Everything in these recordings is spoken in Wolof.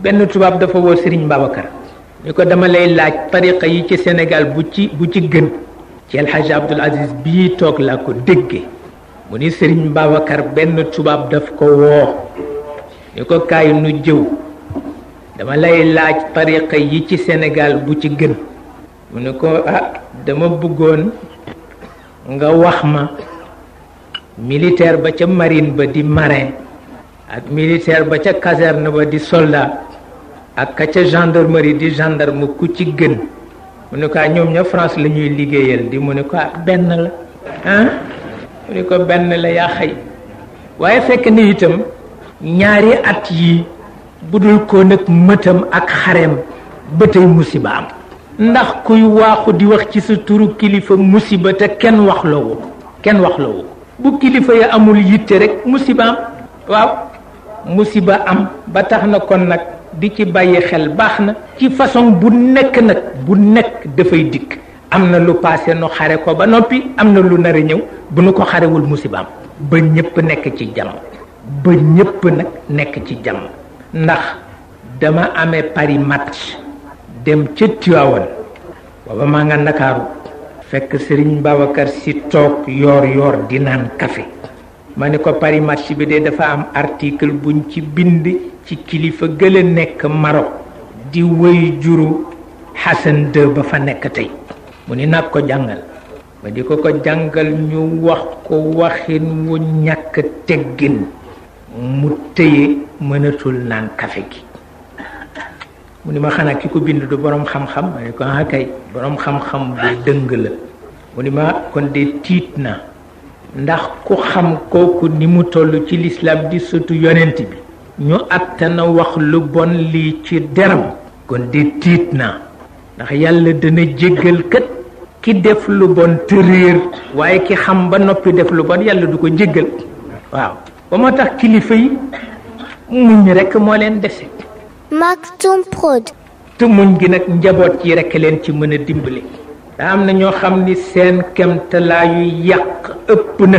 benn tubaab dafa woo Serigne Babacar ni ko dama lay laaj tariqa yi ci senegaal bu ci bu ci gën ci El Hadj Abdoul bii toog laa ko déggee mu ni Serigne Babacar benn tubaab daf ko woo ni ko kaay nu jëw dama lay laaj tariqa yi ci senegaal bu ci gën mu ni ko ah dama bëggoon nga wax ma militaire ba ca marine ba di marin ak militaire ba ca caserne ba di soldat ak ka ca gendarmerie di gendarme ku ci gën mu ko ah, ñoom ña France la ñuy liggéeyal di mu ne ko ah, benn la ah mu ne ko benn la yaa xëy waaye fekk ni itam ñaari at yi budul ko nag mëtam ak xareem ba tey musiba am ndax kuy waaxu di wax ci sa turu kilifa musiba te kenn wax loowu kenn wax bu kilifa ya amul yitte rek musiba am waaw musiba am ba tax kon nag di ci bàyyi xel baax na ci façon bu nekk nag bu nekk dafay dikk am na lu paase nu xare ko ba noppi am na lu nar a ñëw bu nu ko xarewul musibaam ba ñépp nekk ci jàmm ba ñépp nag nekk ci jàmm ndax dama amee pari match dem ca Tiwaawan booba maa nga Ndakaaru fekk Serigne Babacar si toog yoor yoor di naan café ma ne ko pari bi de dafa am article buñ ci bind ci kilifa gële nek maro di wëy juru hasan de ba fa nek tay muni nak ko jangal ba di ko ko jangal ñu wax ko waxin wu ñak teggin mu teye mënatul nan kafe gi muni ma xana kiko bind du borom xam-xam ay ko ha ah, kay borom xam-xam bu deung la muni ma kon de tiit na ndax ku xam koku ni mu tollu ci l'islam di sotu yonenti bi ñu attana wax lu bon lii ci deram kon di tiit naa ndax yàlla dana jéggal kat ki def lu bon te waaye ki xam ba noppi def lu bon yàlla du ko jéggal waaw ba moo tax kilifa yi muñ rekk moo leen dese Maktoum Prod te muñ gi nag njaboot yi rekk leen ci mën a dimbali daa am na ñoo xam ni seen kemtalaayu yàq ëpp na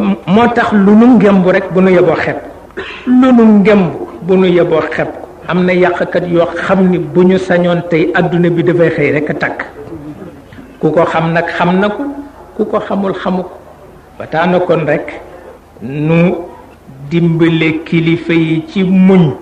moo tax lu nu ngemb rek bu nu yeboo xeeb lu nu ngemb bu nu yeboo ko am na yàqkat yoo xam ni bu ñu sañoon tey àdduna bi dafay xëy rek a takk ku ko xam nag xam na ko ku ko xamul xamu ko ba tax na kon rek nu dimbale kilifa yi ci muñ